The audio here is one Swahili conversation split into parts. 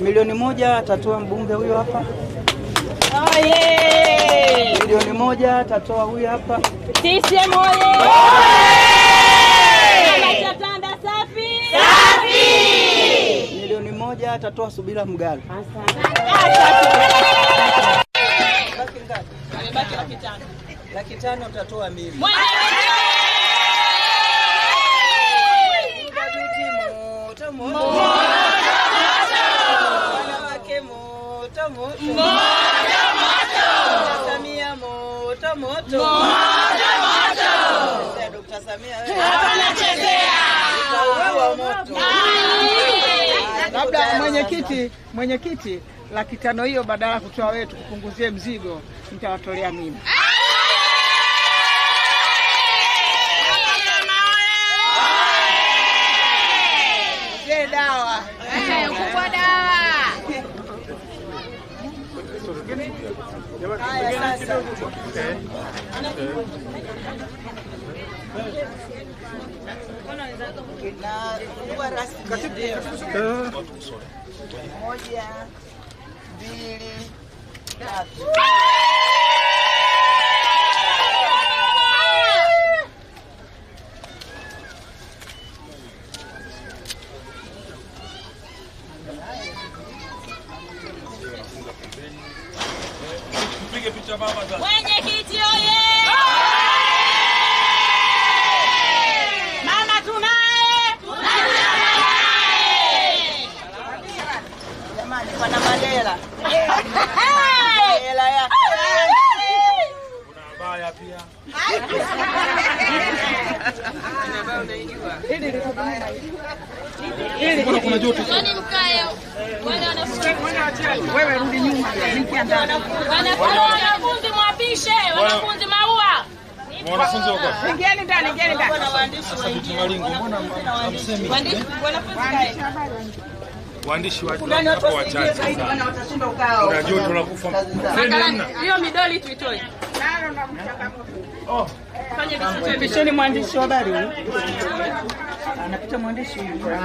milioni moja atatoa mbunge huyo hapa oh, yeah. milioni moja atatoa huyo hapa CCM oh, yeah. safi safi, milioni moja atatoa Subira Mgala laki tano utatoa mimi Moto moto. Samia moto moto. Moto moto. Dr. Samia wewe. Hapa nachezea. Wewe moto. Labda mwenyekiti, mwenyekiti laki tano hiyo badala ya kutoa wewe tukupunguzie mzigo, nitawatolea mimi. Moja, mbili, tatu. pia kuna joto. Wewe rudi nyuma, wanafunzi mwapishe, wanafunzi maua wanafunzi wako. Ingieni ndani, ingieni ndani. Sasa vitumalingo, mbona hamsemi? waandishi wachache, kuna joto la kufa. Hiyo midoli tuitoe. Pisheni mwandishi wa habari. Anapita mwandishi. Ngoja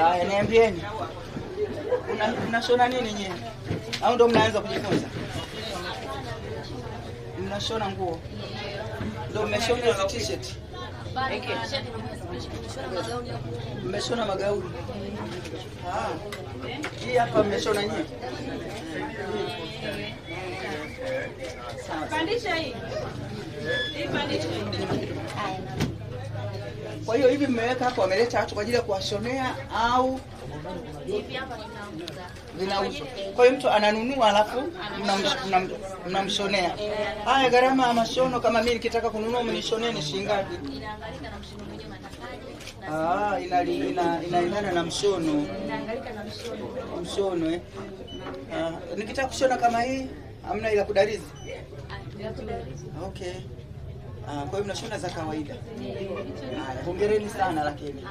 Haya, niambieni mnashona nini nyewe, au ndo mnaanza kujifunza? Mnashona nguo, ndo mmeshona t-shirt Mmeshona magauni? Ah. Hii hapa mmeshona nyinyi? Pandisha hii. Kwa hiyo hivi mmeweka hapo, wameleta watu kwa ajili ya kuwashonea au linauzwa. Kwa hiyo mtu ananunua, alafu mnamshonea. Haya, gharama ya mashono, kama mimi nikitaka kununua mnishonee ni shilingi ngapi? Ah, inaendana na mshono, mshono eh. Ah, nikitaka kushona kama hii hamna, ila kudarizi. Okay. Ah, kwa hiyo mnashona za kawaida. Hongereni sana lakini.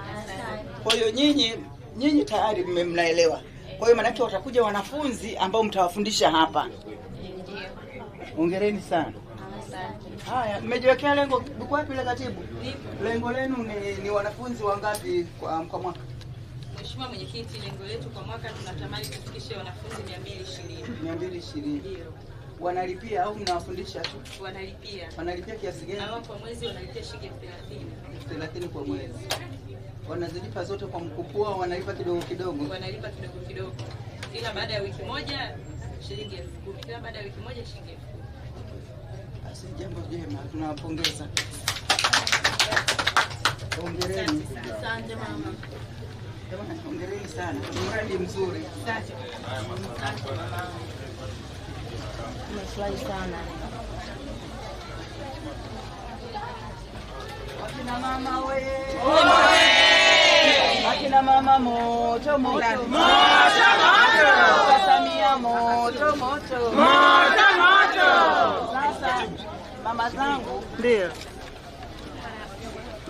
Kwa hiyo nyinyi nyinyi tayari mmemnaelewa Kwa hiyo maanake watakuja wanafunzi ambao mtawafundisha hapa. ongereni sana. Haya, mmejiwekea lengo kwa wapi ile katibu? Lengo lenu ni, ni wanafunzi wangapi kwa, kwa mwaka? Mheshimiwa Mwenyekiti, lengo letu kwa mwaka tunatamani kufikisha wanafunzi 220. 220. Ndio. Wanalipia au mnawafundisha tu? Wanalipia. Wanalipia kiasi gani? Kwa mwezi wanalipia shilingi 30. 30 kwa mwezi wanazilipa zote kwa mkupua, wanalipa kidogo kidogo? Wanalipa kidogo kidogo, kila baada ya wiki moja shilingi elfu kumi kila baada ya wiki moja shilingi elfu kumi Basi jambo jema, tunawapongeza. Hongereni, asante mama. Jamani, hongereni sana, mradi mzuri. Tumefurahi sana wakina mama oye! Chadema moto moto, Samia moto moto. Sasa mama zangu, ndio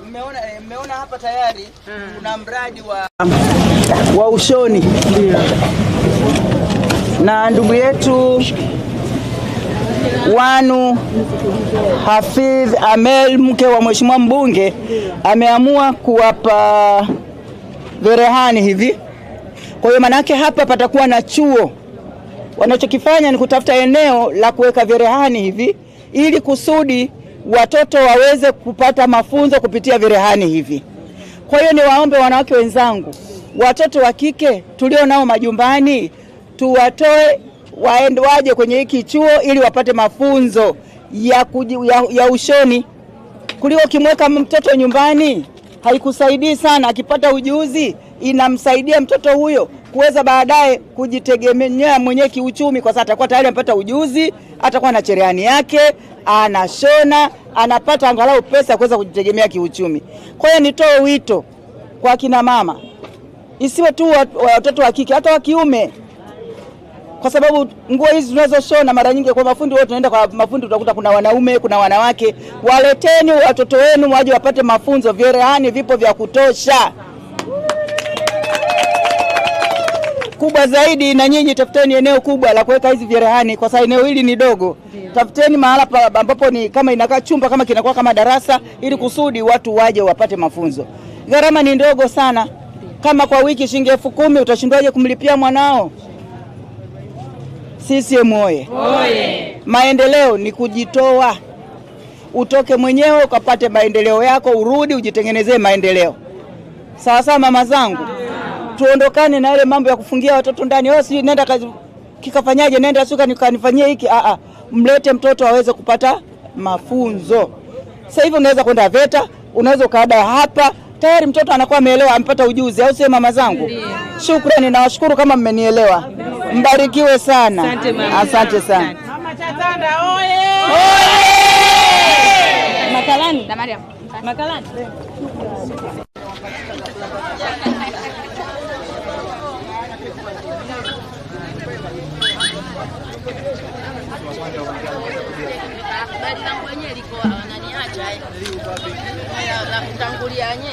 mmeona, eh, mmeona hapa tayari hmm. kuna mradi wa wa ushoni ndio na ndugu yetu Wanu Hafidh Amel mke wa mheshimiwa mbunge ameamua kuwapa vyerehani hivi. Kwa hiyo maanake hapa patakuwa na chuo. Wanachokifanya ni kutafuta eneo la kuweka cherehani hivi ili kusudi watoto waweze kupata mafunzo kupitia cherehani hivi. Kwa hiyo niwaombe wanawake wenzangu, watoto wa kike tulio nao majumbani tuwatoe waende waje kwenye hiki chuo ili wapate mafunzo ya, kuji, ya, ya ushoni kuliko kimweka mtoto nyumbani haikusaidii sana. Akipata ujuzi, inamsaidia mtoto huyo kuweza baadaye kujitegemea mwenyewe kiuchumi, kwa sababu atakuwa tayari amepata ujuzi, atakuwa na cherehani yake, anashona, anapata angalau pesa kuweza kujitegemea kiuchumi. Kwa hiyo nitoe wito kwa kina mama, isiwe tu watoto wa kike, hata wa kiume kwa sababu nguo hizi tunazoshona mara nyingi kwa mafundi wote, tunaenda kwa mafundi, utakuta kuna wanaume, kuna wanawake. Waleteni watoto wenu waje wapate mafunzo, cherehani vipo vya kutosha. kubwa zaidi na nyinyi tafuteni eneo kubwa la kuweka hizi vyerehani, kwa sababu eneo hili ni dogo. Tafuteni mahala ambapo ni kama inakaa chumba kama kinakuwa kama darasa, ili kusudi watu waje wapate mafunzo. Gharama ni ndogo sana. Kama kwa wiki shilingi elfu kumi, utashindaje kumlipia mwanao? CCM oye! Maendeleo ni kujitoa, utoke mwenyewe ukapate maendeleo yako, urudi ujitengenezee maendeleo. Sawasawa mama zangu, tuondokane na yale mambo ya kufungia watoto ndani. Wewe oh, si nenda kikafanyaje, nenda suka nikanifanyie hiki. Aa, ah, ah. mlete mtoto aweze kupata mafunzo. Sasa hivi unaweza kwenda VETA, unaweza ukaada hapa tayari mtoto anakuwa ameelewa, amepata ujuzi, au sio mama zangu? Shukrani, nawashukuru kama mmenielewa. Mbarikiwe sana, asante sana. Mama Chatanda oye! Makalani na Mariam. Makalani. Habari zangu wenyewe liko wananiacha tangulia wenyewe